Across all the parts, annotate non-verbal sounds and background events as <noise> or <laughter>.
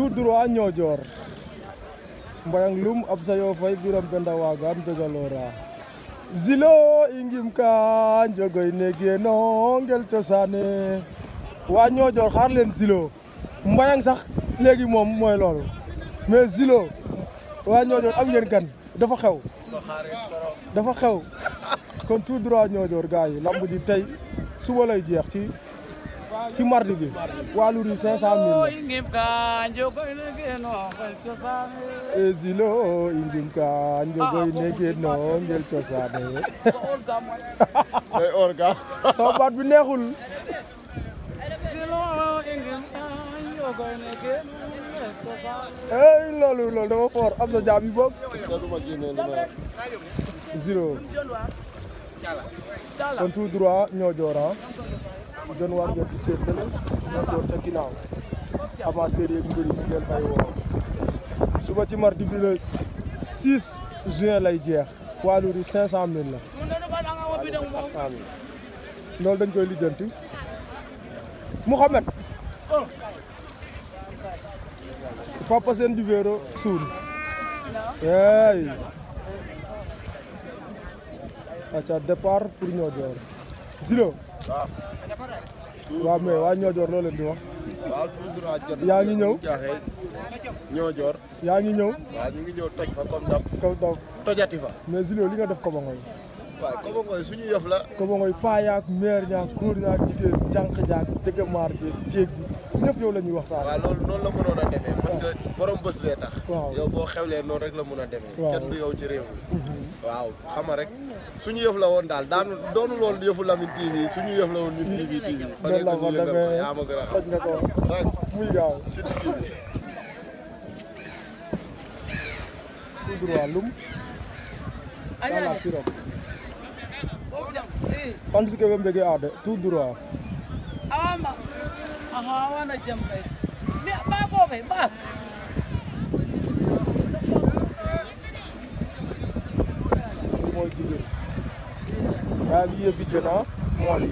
tout droit jor mbayang lum absayo fay biram benda wagam jogalora zilo ingim ka jogo nege no ngel cosane wa jor xar len zilo mbayang sax legi mom moy loolu mais zilo wa jor am ngeen kan dafa xew dafa xew kon tout droit Niodior gars lamb di tay suba lay jeex ci ci mardi bi wàllu ru 500000 la. ezilo ingim ka njogoy nege no ngel cosaane. day or ga. sama baat bi neexul. ey loolu loolu dafa foor am sa jaab yi bokk. zero. kon tout droit ñoo joora ah. jon war ngeen di seet bële ca ginnaaw suba ci mardi bi juin lay jeex poids lourd yi 500000 la loolu dañ koy lijjanti Mouhamed Papa Sène di Véro suul eey aca départ pour ñoo door Zilo waaw mais waa Niodior loo leen di wax. waaw yaa ngi ñëw Niodior. yaa ngi ñëw. waaw ñu ngi ñëw toj fa comme dab. comme dab tojati fa. mais Zilo li nga def Kobangoy. waaw Kobangoy suñu yëf la. Kobangoy paa yaak meer ñaak góor ñaak jigéen jànq jaak dëggamaar ji jéeg ji ñëpp yow la ñuy waxtaan. waaw loolu noonu la mënoon a parce que borom bés bee tax. waaw yow boo xewlee noonu rek la mën a demee. waaw kenn du yow ci réew mi. Mhm. waaw xama rek. suñu yëf la woon daal daanu doonu loon yëfu Lamyn TV suñu yëf la woon ñun TV TV fa nekk ñu yëngal yaa ma gën a xam rek muy gaaw ci digg bi Poudre wàllum ala sirop fan si kebe mbege aade tout droit awama eh. ah, aha wana jambe mi ba ko be ba mooy jigéen വലിയ പിജന മോളി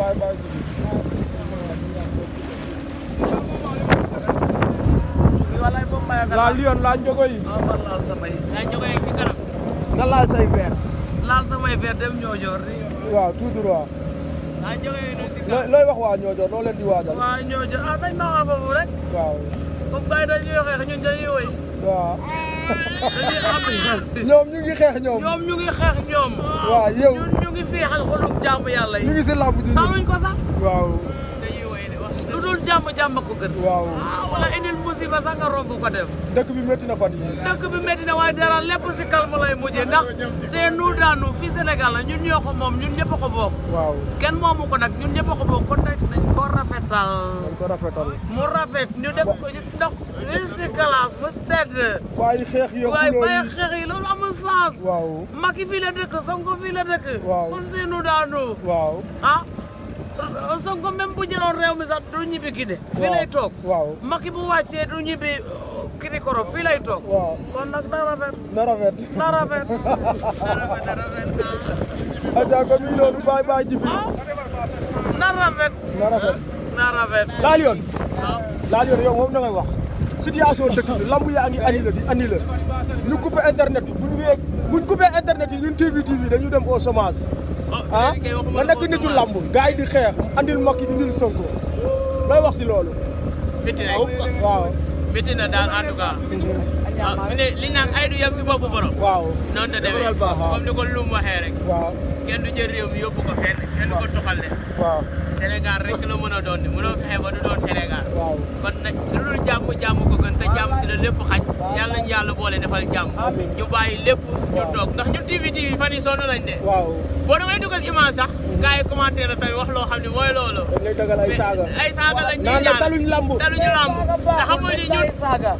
bye bye laal yoon laal njogo yi. waaw man laal samay. laal njogo yeeg si kanam. nga laal say ver. laal samay ver dem ñoojoor. waaw tout droit. laal njogo yi noonu si kanam. looy wax waa ñoojoor loo leen di waajal. waaw ñoojoor ah dañ maa wax foofu rek. waaw. comme gars yi dañuy xeex ñun dañuy woy. waaw. ñoom ñu ngi xeex ñoom. ñoom ñu ngi xeex ñoom. waaw yow ñun ñu ngi féexal xolum yàlla ñu ngi si làmb ji xamuñ waaw. jàmm jàmm ko gën. waaw ah, wala indil musiba sax nga romb ko dëkk bi métti na fan dëkk bi métti waaye dara lépp si calme lay mujjee ndax c'est nous dans nous fii Sénégal la ñun ñoo ko moom ñun ñëpp ko bokk. waaw kenn moomu ko nag ñun ñëpp ko bokk kon nag nañ ko rafetal. nañ ko rafetal. mu rafet ñu def ko ñu ndox ñu si glace mu sedd. bàyyi xeex yi waaye bàyyi xeex yi loolu amul sens. waaw Macky fii la dëkk Sonko dëkk. waaw kon c'est nous dans Sonko même bu jëloon réew mi sax du ñibbi Guinée. fii lay toog. waaw Macky bu wàccee du ñibbi Kirikoro uh, fii lay toog. waaw kon nag na rafet. na rafet na rafet. <laughs> na rafet na rafet na ah. wax. situation dëkk bi lamb yaa ngi annulé di annulé ñu coupé internet bi bu ñu buñ coupé internet yi ñun TV TV dañu dem au chômage. ah nga nekk nitu làmb gars yi di xeex andil mbokk yi Sonko looy wax si loolu. métti na waaw métti na daal ah, li naan ay du yem si bopp borom. waaw noonu ni ko Loum waxee rek. kenn du jël réew mi yóbbu ko fenn kenn du ko tuxal de. waaw Sénégal rek la mën a doon de a fexe ba du doon Sénégal. kon nag lu dul ko gën te jàmm si la lépp xaj yàlla nañu yàlla boole defal jàmm. ñu bàyyi lépp ñu toog ndax ñun TV TV fan yii sonn nañ de. waaw boo da ngay dugal image sax. Mhm. gars yi commentaire la tamit wax loo xam ne mooy loolu. dañ lay dagal ay saaga ay saaga lañ ñuy jaar taluñ lamb taluñ a te xamul ni ñun. saaga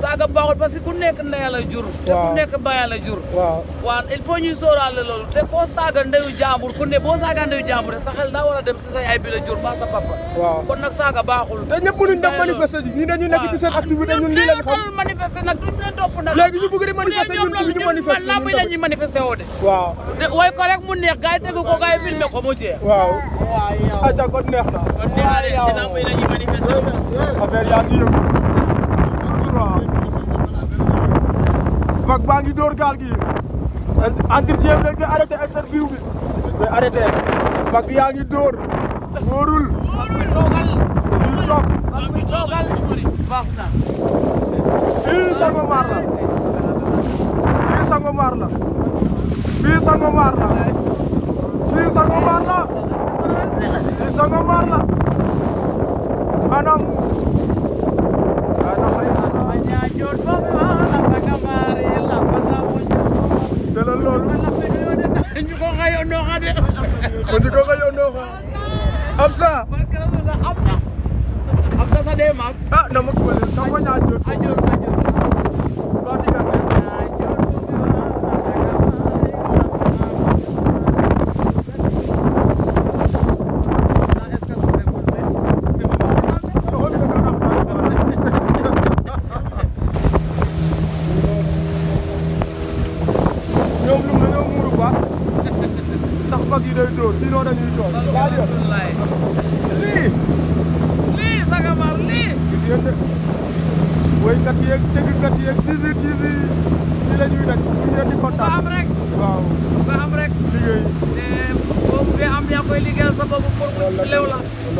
saaga baaxul ku nekk ndey la jur. te ku nekk baay la jur. waaw waaw il faut ndeyu jàmbur ku ne boo saagaa ndeyu jàmbur sa xel daa war a dem si sa yaay bi la jur ba sa papa waaw kon nag saaga baaxul te ñëpp mënuñ dem manifester ji ñi dañu nekk ci seen activité ñun lii lañ xam manifester nag duñ leen topp nag léegi ñu bëgg di manifester ñun ñu manifester làmb la ñuy manifester woo de waaw way ko rek mu neex gars yi tegu ko gars yi filmé ko mu jeex waaw waaw aca kon neex na kon neex na ci làmb la ñuy manifester affaire yaa ngi yëngu fag baa ngi dóor gaal gi entretien bi dañ koy arrêté interview bi dañ koy arrêté mag yaa ngi dóor wóorul dañuy toog fii Sangomar la fii Sangomar la fii Sangomar la fii Sangomar la fii Sangomar la maanaam Corona also dürfen.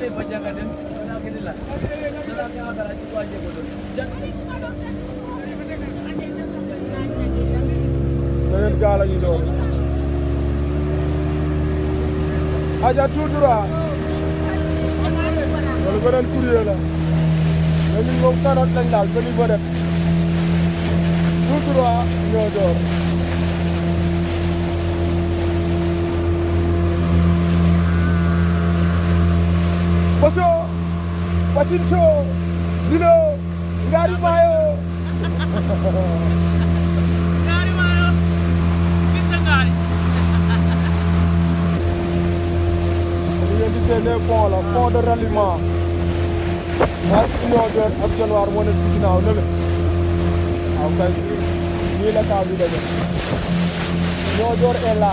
ɓe mo jaga den wona aja tout droit loolu beneen courrier la mais ñun moom kanot lañ laal ba li ba Pocho, Pachincho, Zino, Mayo. Garimayo. Mayo, Mr. Gari. We are the same Paul, pont de ralliement. Là, si on doit actuellement avoir une petite nao, là. Après, il est là, il est là. Nous, on est là.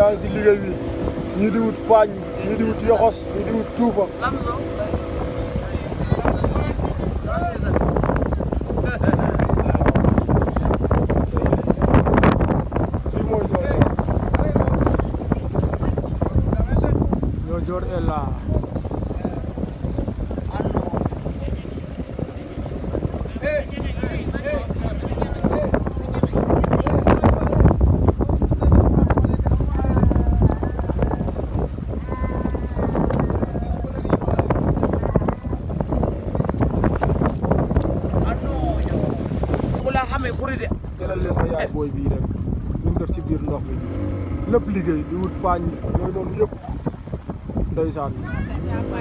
yaa ngi si liggéey bi ñu di wut paañ ñu di wut yoxos ñu di wut tuufa amee buri de. jëlal leen ma yaay booy bii rek def ci biir ndox mi lépp liggéey di wut paañ yooyu noonu yëpp ndeysaan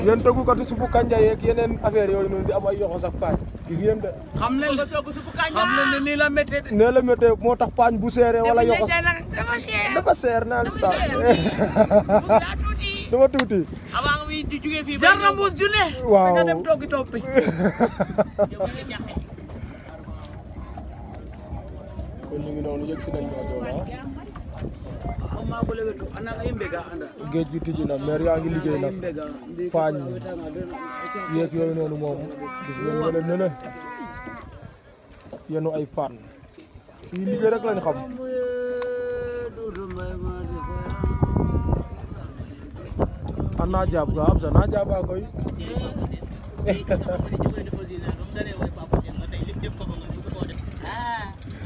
yéen tëggukati suufu kanja yeeg yeneen affaire yooyu noonu di am ay yoxos ak paañ gis de. xam leen la méttee moo tax paañ bu seeree wala yoxos dafa seer seer naan <laughs> star dama tuuti. jar na mbuus junne. waaw <laughs> kon ñu ngi noonu yëg si nañ ko Joola gi tijji na meer yaa liggéey nag paañ yéeg yooyu noonu moom gis ngeen wala nële yenu ay paan fii liggéey rek lañ xam a naa jaab ga ab sa na jaaba koy <laughs>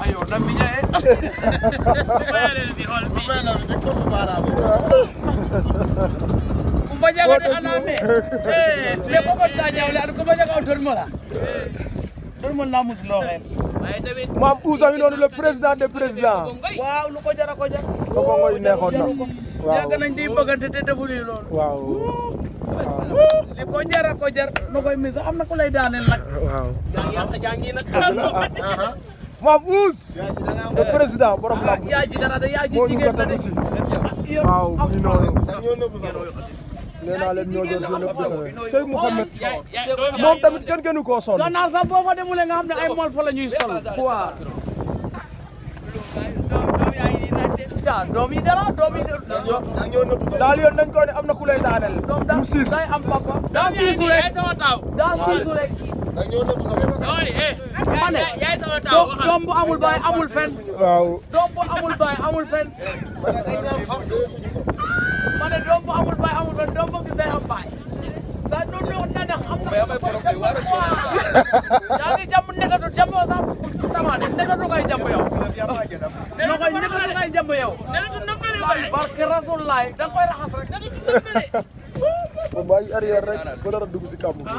Ay, una milla, ¿eh? Kumbaya gani aname? Eh, lepo ko tanya wala kumbaya ka dormola. Dormola muslo hen. Mam Ousa wi noonu le président des présidents. Waaw lu ko jara ko Ko Waaw. Yàgg nañ di bëggante te defuñu loolu. am na ku lay daaneel nag. Waaw. ma buus. le président borom ah, la moo ñu gàttal waaw ñu noonu. nee naa leen ñoo doon ñëpp dëkk Cheikh Mouhamed moom tamit gën gënu koo sonn. gannaaw sax boo fa demulee nga xam ne ay mool fa la ñuy sol. waaw. ah doom yi dara doom yi dara. daal yoon nañu ko am na ku lay daaneel. mu siis day am papa. daa siisu rek daa siisu rek. ma ne doom bu amul baay amul fen waaw doom bu amul baay amul fen ma ne doom bu amul baay amul fen doom bu gis day am baay sa nu nuux na ndax am na yaa ngi jàmm nekkatu jàmmoo sax tamaane nekkatu ngay jàmm yow noko nekkatu ngay jàmm yow barke rasul laay da koy raxas rek bàyyi arrière rek ba dara dugg si kàmb ah.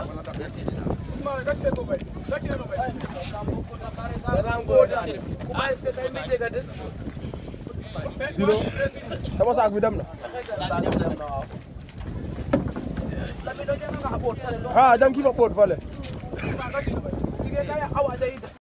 Zero. Sama sa aku dam na. Ha, dam kipa port vale.